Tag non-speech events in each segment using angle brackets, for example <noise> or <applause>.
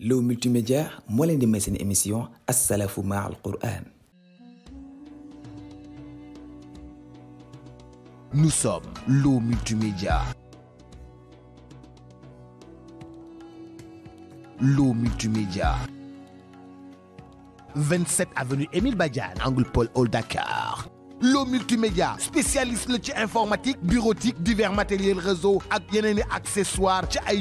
L'eau multimédia moi l'un émission à Qur'an. Nous sommes l'eau multimédia. L'eau multimédia. 27 avenue Émile Bajan, angle Paul Oldakar. Dakar. L'eau multimédia spécialiste de informatique bureautique divers matériels réseau et accessoires ci ay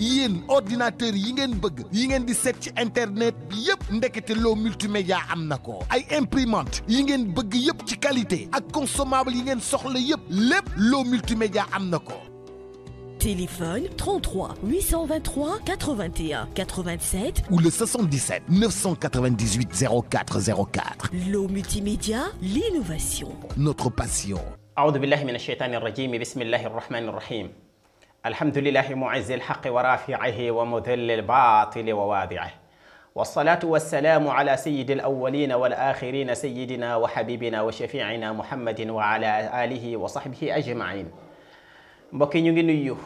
yéen ordinateur yi ngeen bëgg yi ngeen di ci internet bi yëpp ndekete loo multimédia am na ko ay imprimante yi ngeen bëgg yépp ci qualité ak consommable yi ngeen soxla yépp lépp loo multimédia am ko Téléphone 33 823 81 87 ou le 77 998 0404. L'eau multimédia, l'innovation. Notre passion. أعوذ billahi من rajim, rahim. الحمد لله معز الحق ورافعه ومذل الباطل وواضعه والصلاة والسلام على سيد الأولين والآخرين سيدنا وحبيبنا وشفيعنا محمد وعلى آله وصحبه أجمعين mbokki ñu ngi nuyu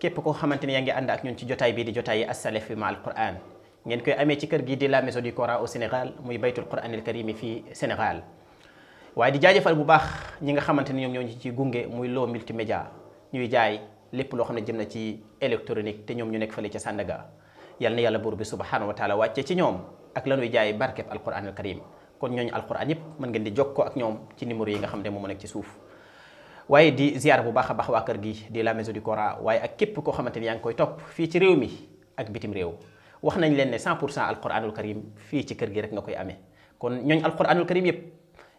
képp koo xamante ne yaa ngi ànd ak ñun ci jotaay bii di jotaay yi As-Salafy Ma'al Qur'an ngeen koy amee ci kër gi di la maison du Coran au Sénégal muy baytul Qur'an al Karim fii Sénégal waaye di jaajëfal bu baax ñi nga xamante ne ñoom ñoo ñu ci gunge muy Lo multimédia ñuy jaay lépp loo xam ne jëm na ci électronique te ñoom ñu nekk fële ca Sandaga yal na yàlla buur bi subhanahu wa taala wàcce ci ñoom ak lanuy jaay barkeb alquran al karim kon ñooñu alquran yëpp yi nga xam ne moom nekk ci suuf waaye di ziar bu a baax waa kër gi di la karim yëpp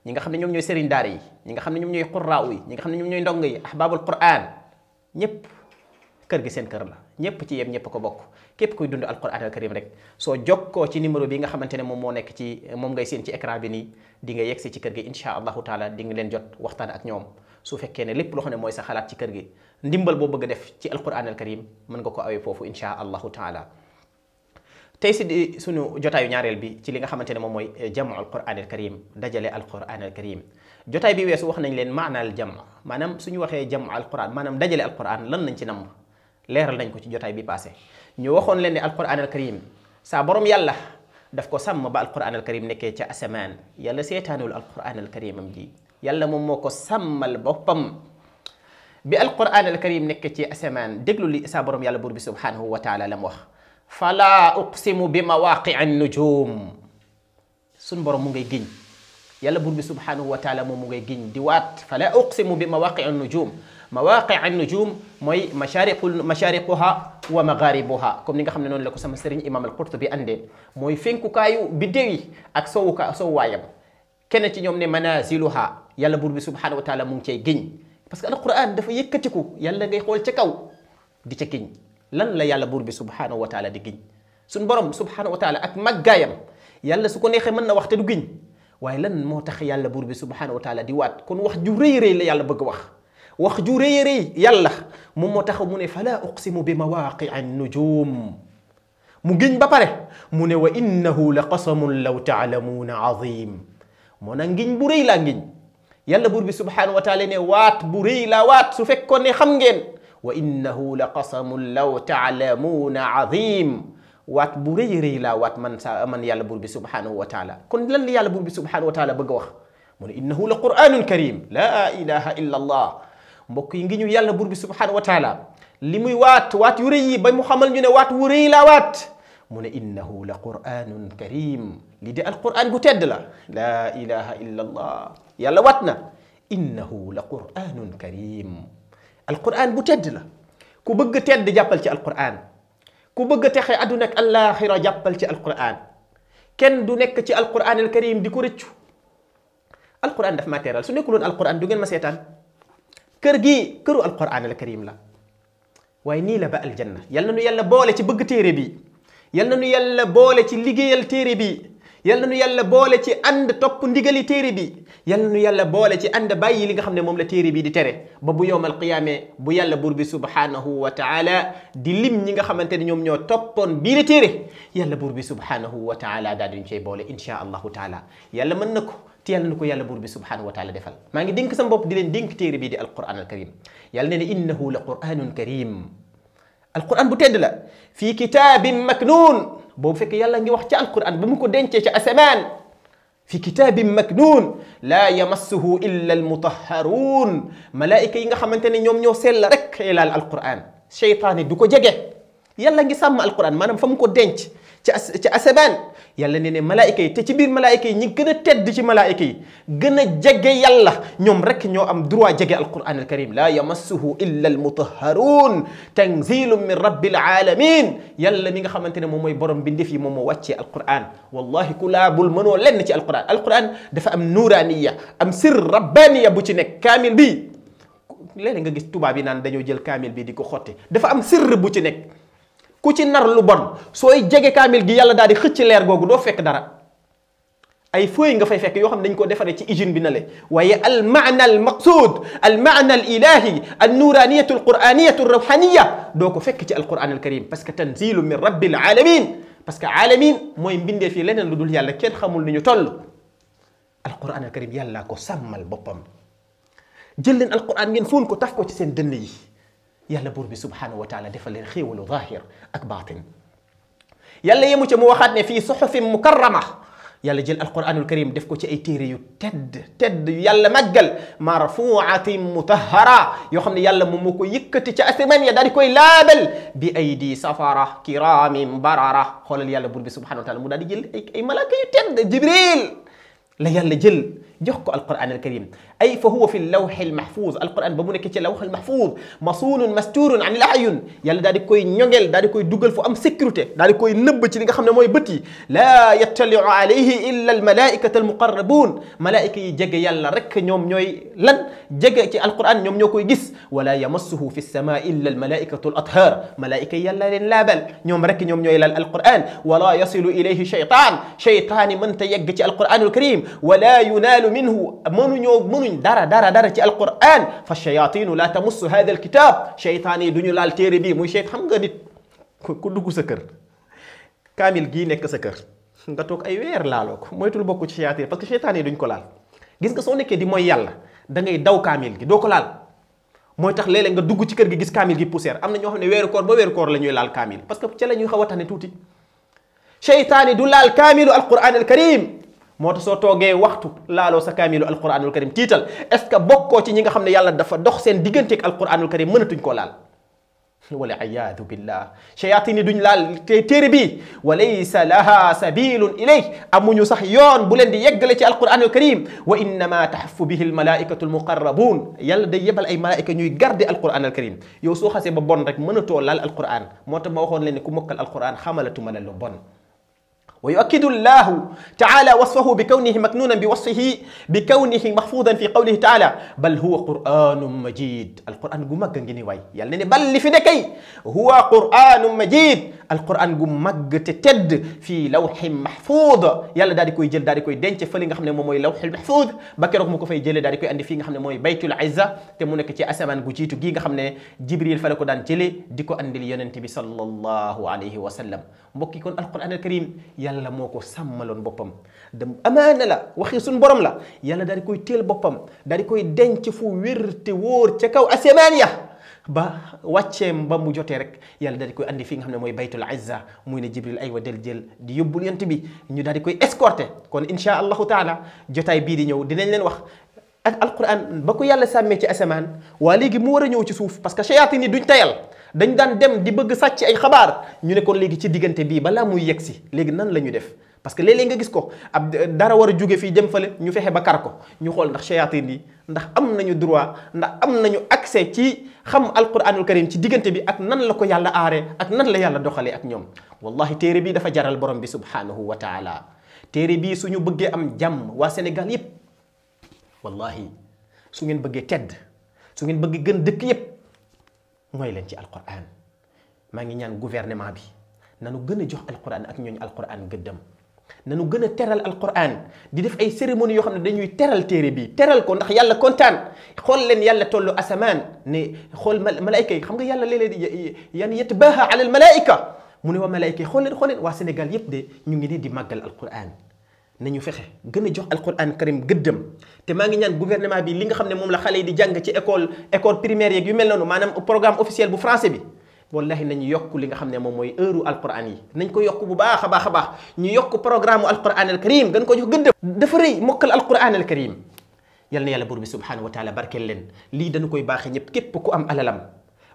ñi nga xam ne ñoom ñooy sëriñ daara yi ñi nga xam ne ñoom ñooy qurraa yi ñi nga xam ne ñoom ñooy ndongo yi ahbabul quran ñëpp kër gi seen kër la ñëpp ci yem ñëpp ko bokk képp kuy dund alquran al karim rek soo koo ci numéro bi nga xamante ne moom moo nekk ci moom ngay seen ci écran bi nii di nga yegsi ci kër gi insha allahu taala di leen jot waxtaan ak ñoom su fekkee ne lépp loo xam ne mooy sa xalaat ci kër gi ndimbal boo bëgg a def ci alquran al karim mën nga ko awee foofu insha allahu taala tey si di sunu jotaayu ñaareel bi ci li nga xamante ne moom mooy eh, jamu alquran al karim dajale alquran al karim jotaay bi weesu wax nañ leen maanaal jam maanaam suñu waxee jamu alquran maanaam dajale alquran lan lañ ci namm leeral nañ ko ci jotaay bi passé ñu waxoon leen ne alquran al karim saa borom yàlla daf ko sàmm ba alquran al karim nekkee ca asamaan yàlla seetaanul alquran al karim am ji yàlla moom moo ko sàmmal boppam bi alquran al karim nekkee ci asamaan déglu li saa borom yàlla buur bi subhanahu wa taala la mu wax fala uqsimu bi mawaqi an nujum suñ borom mu ngay giñ yàlla buur bi subhanahu wa taala moom mu ngay giñ di waat fala uqsimu bi mawaqi an nujum mawaqi an nujum mooy mashariqu mashariquha wa magharibuha comme ni nga xam ne noonu la ko sama sëriñ imam al-qurtubi andee mooy fenkukaayu biddéw yi ak sowuka sow waayam kenn ci ñoom ne manaziluha yàlla buur bi subhanahu wa taala mu ngi cay giñ parce que alquran dafa yëkkatiku yàlla ngay xool ca kaw di ca giñ lan la yàlla buur bi subhanahu wa taala di giñ suñ borom subhanahu wa taala ak màggaayam yàlla su ko neexee mën na wax te du giñ waaye lan moo tax yàlla buur bi subhanahu wa taala di waat kon wax ju rëy la yàlla bëgg wax wax ju rëy rëy yàlla moom moo tax mu ne fa fala uqsimu bi mawaqi an nujum mu giñ ba pare mu ne wa innahu na ngiñ bu rëy laa ngiñ yàlla buur bi subhanahu wa taala ne waat bu rëy laa waat su fekkoon ne xam ngeen wa innahu la qasamun law taalamuuna azim waat bu rëy rëy laa waat man sa man yàlla buur bi subhanahu wa taala kon lan la yàlla buur bi subhanahu wa taala bëgg a wax mu ne innahu la qur'anun karim laa ilaha illa allah mbokk yi ngi ñu yàlla buur bi subhanahu wa taala li muy waat waat yu rëy yi ba mu xamal ñu ne waat wu rëy laa waat mu ne innahu la qur'anun karim li de alqur'an gu tedd la laa ilaha illa allah yàlla waat na innahu la qur'anun karim alquran bu tedd la ku bëgg tedd jàppal ci alquran ku bëgg a texe nekk ak allaaxira jàppal ci alquran kenn du nekk ci alquran al karim di ko rëccu alquran daf maa teeral su nekkuloon alquran du ngeen ma seetaan kër gi këru alquran al la waaye nii la ba aljanna yal na nu yàlla boole ci bëgg téere bi yal na nu yàlla boole ci liggéeyal téere bi yal na nu yàlla boole ci ànd topp ndigali téere bi yal na nu boole ci ànd bàyyi li nga xam ne moom la téere bi di tere ba bu yowmal qiyaame bu yàlla buur bi subhanahu wa taala di lim ñi nga xamante ne ñoom ñoo toppoon bii la téere yàlla buur bi subhanahu wa taala daal duñ cey boole insha allahu taala yàlla mën na ko te yàlla na ko yàlla buur bi subhanahu wa taala defal maa ngi dénk sama bopp di leen dénk téere bii di alquran al karim yàlla ne ne innahu la quranun karim alquran bu tedd la fii kitaabin maknun boobu fekk yàlla ngi wax ci alquran ba mu ko dencee ci asamaan fi kitaabin maknuun laa yamassuhu illa almutahharuun malaayika yi nga xamante ne ñoom ñoo sell rek ay laal alquran seytaane du ko jege yàlla ngi sàmm alquran maanaam fa mu ko denc ci as ci asamaan yàlla ne ne malaayika yi te ci bir malaika yi ñi gëna tedd ci malaika yi gëna jégué yàlla ñom rek ño am droit jégué alquran alkarim la yamassuhu illa almutahharun tanzilun min rabbil alamin yàlla mi nga xamantene mom moy mooy borom bindéef yi mom mo wacce alquran wallahi kulabul mano len ci alquran alquran dafa am nuraniya am sir rabbaniya bu ci nek kamil bi lele nga gis tubaab bi nan dañu jël kamil bi diko ko dafa am sir bu ci nek ku ci nar lu bon soy jege kamil gi yàlla daal di xëcc leer gogu do fekk dara ay feuilles nga fay fekk yo xam ne dañ ko défaré ci usine bi nalé waye al ma'na al maqsud al ma'na al ilahi al nuraniyatu al quraniyatu al ruhaniya do ko fekk ci al quran al karim parce que tanzilu min rabbil alamin parce que alamin moy mbinde fi lenen luddul yàlla kenn xamul ni ñu toll al quran al karim yàlla ko samal bopam jël leen al quran ngeen fóon ko taf ko ci seen dënn yi يلا بربي سبحانه وتعالى دفل الخيول ظاهر أكباطن يلا يمجي موخدنا في صحف مكرمة يلا جل القرآن الكريم دفكو تي تيري تد تد يلا مجل مرفوعة مطهرة يخمنا يلا ممكو يكت تأثمان يداري كوي لابل بأيدي سفارة كرام بررة خلال يلا بربي سبحانه وتعالى مدادي جل اي ملاك يتد جبريل ليال جل جحكو القرآن الكريم أي فهو في اللوح المحفوظ القرآن بمونة كتير اللوح المحفوظ مصون مستور عن الأعين يالا داري كوي نيوغل داري كوي دوغل فأم أم سكرته داري كوي نب تلقى خمنا موي بتي لا يتلع عليه إلا الملائكة المقربون ملائكة يجيغ يالا رك نيوم نيوي لن جيغ القرآن نيوم نيوكوي جس ولا يمسه في السماء إلا الملائكة الأطهار ملائكة يالا لن لا بل نيوم رك نيوم نيوي القرآن ولا يصل إليه شيطان شيطان من تيجي القرآن الكريم ولا ينال منه من من دار دار دار تي القرآن فالشياطين لا تمس هذا الكتاب شيطاني دنيا لا تيري بي موي شيط xam nga nit ku dugg sa kër kaamil gii nekk sa kër nga toog ay weer laaloo ko moytul bokku ci shayaatin parce que shaytaan yi duñ ko laal gis nga soo nekkee di mooy yàlla da ngay daw kaamil gi doo ko laal mooy tax léeg-léeg nga dugg ci kër gi gis kaamil gi poussière am na ñoo xam ne weeru koor ba weeru koor la ñuy laal kaamil parce que ca la ñuy xaw a tane tuuti shaytaan yi du laal kaamilu alquran al karim moo tax soo toogee waxtu laaloo sa kaamilu alquranul karim tiital est ce que bokkoo ci ñi nga xam ne yàlla dafa dox seen digganteeg alquranul karim mënatuñ koo laal <laughs> wala ayaadu billah shayatin yi duñ laal te téere bi wa laysa laha sabilun ilay amuñu sax yoon bu leen di yeggale ci alquranul karim wa innama taxafu bihi almalaikatu almuqarrabun yàlla day yebal ay malaika ñuy garder alquranul karim yow soo xasee ba bon rek mënatoo laal alquran moo tax ma waxoon leen ne ku mokkal alquran xamalatuma la lu bon ويؤكد الله تعالى وصفه بكونه مكنونا بوصفه بكونه محفوظا في قوله تعالى بل هو قران مجيد القران غوما غنغيني واي يعني بل في دكي هو قران مجيد القران غوما تتد في لوح محفوظ يلا دادي كوي جيل دادي كوي دنت فليغا خامني موي لوح المحفوظ بكرك مكو فاي جيل دادي كوي اندي فيغا خامني موي بيت العزه تي مونيك تي اسمان غو جيتو غيغا خامني جبريل فلكو دان تيلي ديكو اندي يونتبي صلى الله عليه وسلم مكي كون القران الكريم يا yàlla moko ko bopam dem amana la waxi suñ borom la yàlla dal koy téel bopam dal koy denc fu werte wor ci kaw asemania ba wàcceem ba mu jotee rek yàlla dal koy andi fi nga xamne moy baytul izza muy ne jibril ay wa del jël di yobul yent bi ñu dal koy escorter kon insha allah taala jotay bi di ñëw dinañ leen wax ak alquran ba ko yàlla sàmmee ci asamaan waa léegi mu war a ñëw ci suuf parce que shayatin yi duñ tayal dañ daan dem di bëgg sàcc ay xabaar ñu ne kon léegi ci diggante bii balaa muy yegg si léegi nan la ñu def parce que léeg-léeg nga gis ko ab dara war a jóge fii jëm fële ñu fexe ba kar ko ñu xool ndax shayatin yi ndax am nañu droit ndax am nañu accès ci xam alquranul karim ci diggante bi ak nan la ko yàlla aaree ak nan la yàlla doxalee ak ñoom wallahi téere bi dafa jaral borom bi subhanahu wa taala téere bii suñu bëggee am jàmm waa Sénégal yépp wallahi su ngeen bëggee tedd su ngeen bëggee gën dëkk yépp moy lañ ci alquran ma ngi ñaan gouvernement bi nanu gëna jox alquran ak ñooñu alquran gëddam nanu gëna teral alquran di def ay cérémonie yo xamne dañuy teral téré bi teral ko ndax yàlla kontaan xol leen yàlla tollu asaman ne xol malaika yi xam nga yàlla léeg-léeg yan yetbaaha ala almalaika mune wa malaika xol leen xol leen wa Sénégal yëpp de ñu ngi ne di magal alquran nañu fexe gën jox alquran karim gëddëm te ma ngi ñaan gouvernement bi li nga xamné mom la xale di jàng ci école école primaire yeeg yu mel nonu manam programme officiel bu français bi wallahi nañu yokk li nga xamné mom moy mooy heure alquran yi nañ ko yokk bu baaxa baaxa baax ñu yokk programme alquran al karim gën ko jox gëddëm dafa reuy mokal alquran al karim yal na yàlla bur bi subhanahu wa taala barkel len li dañ koy baaxé ñëpp képp ku am alalam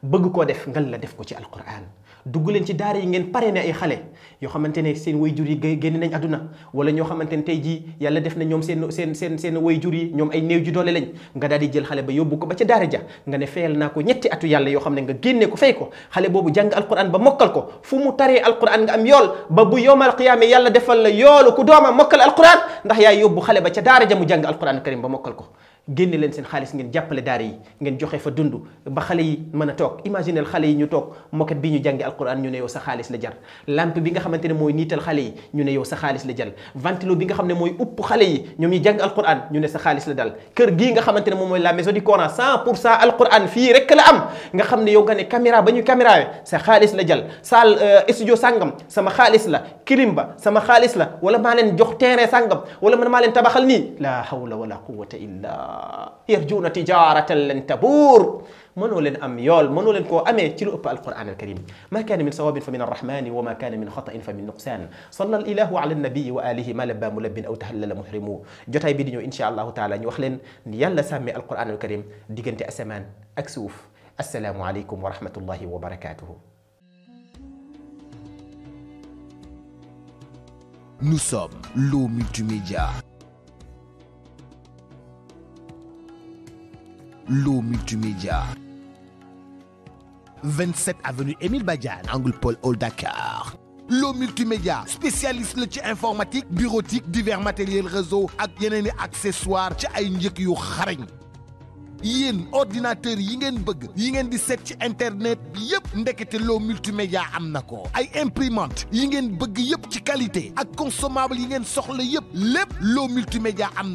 bëgg ko def ngal la def ko ci alquran dugg leen ci daara yi ngeen pare ne ay xale yoo xamante ne seen way jur yi génn nañ àdduna wala ñoo xamante ne tey jii yàlla def na ñoom seen seen seen seen way jur yi ñoom ay néew ji doole lañ nga daal di jël xale ba yóbbu ko ba ca daara ja nga ne fayal naa ko ñetti atu yàlla yoo xam ne nga génne ko fay ko xale boobu jàng alquran ba mokkal ko fu mu taree alquran nga am yool ba bu yowmal qiyaame yàlla defal la yoolu ku doomam mokkal alquran ndax yaay yóbbu xale ba ca daara ja mu jàng alquran karim ba mokkal ko génne len seen xaalis ngeen jàppale daara yi ngeen joxe fa dundu ba xale yi mëna tok imagine imaginel xale yi ñu tok moket bi ñu jàngé alcorane ñu ne yow sa xaalis la jar lampe bi nga xamante moy nital xale yi ñu ne yow sa xaalis la jal ventilo bi nga xamné moy upp xale yi ñom ñi jàng alcorane ñu ne sa xaalis la dal kër gi nga xamante ne la maison du Coran 100 alcorane fi rek la am nga xamné yow nga ne caméra bañu caméra we sa xaalis la jal sal studio sàngam sama xaalis la clim ba sama xaalis la wala ma len jox terrain sàngam wala man ma len tabaxal ni la hawla wala quwwata illa يرجون تجارة لن تبور منو لن أميول منو لن كو أمي تلو أبا القرآن الكريم ما كان من صواب فمن الرحمن وما كان من خطأ فمن نقصان صلى الإله على النبي وآله ما لبى ملب أو تهلل محرمو جتاي بيدنيو إن شاء الله تعالى نيوخلن نيالا سامي القرآن الكريم ديجنت أسمان أكسوف السلام عليكم ورحمة الله وبركاته Nous sommes l'eau multimédia. l'eau multimédia. 27 avenue Émile Badian, Angle Paul Old Dakar. L'eau multimédia spécialiste le informatique bureautique divers matériels réseau ak accessoires ci ay njëkk yu xarañ. Yeen ordinateur yi ngeen bëgg yi ngeen di internet yépp ndekete multimédia am A ko ay imprimante yi ngeen bëgg yépp ci qualité ak consommable yi ngeen soxla yépp lépp multimédia am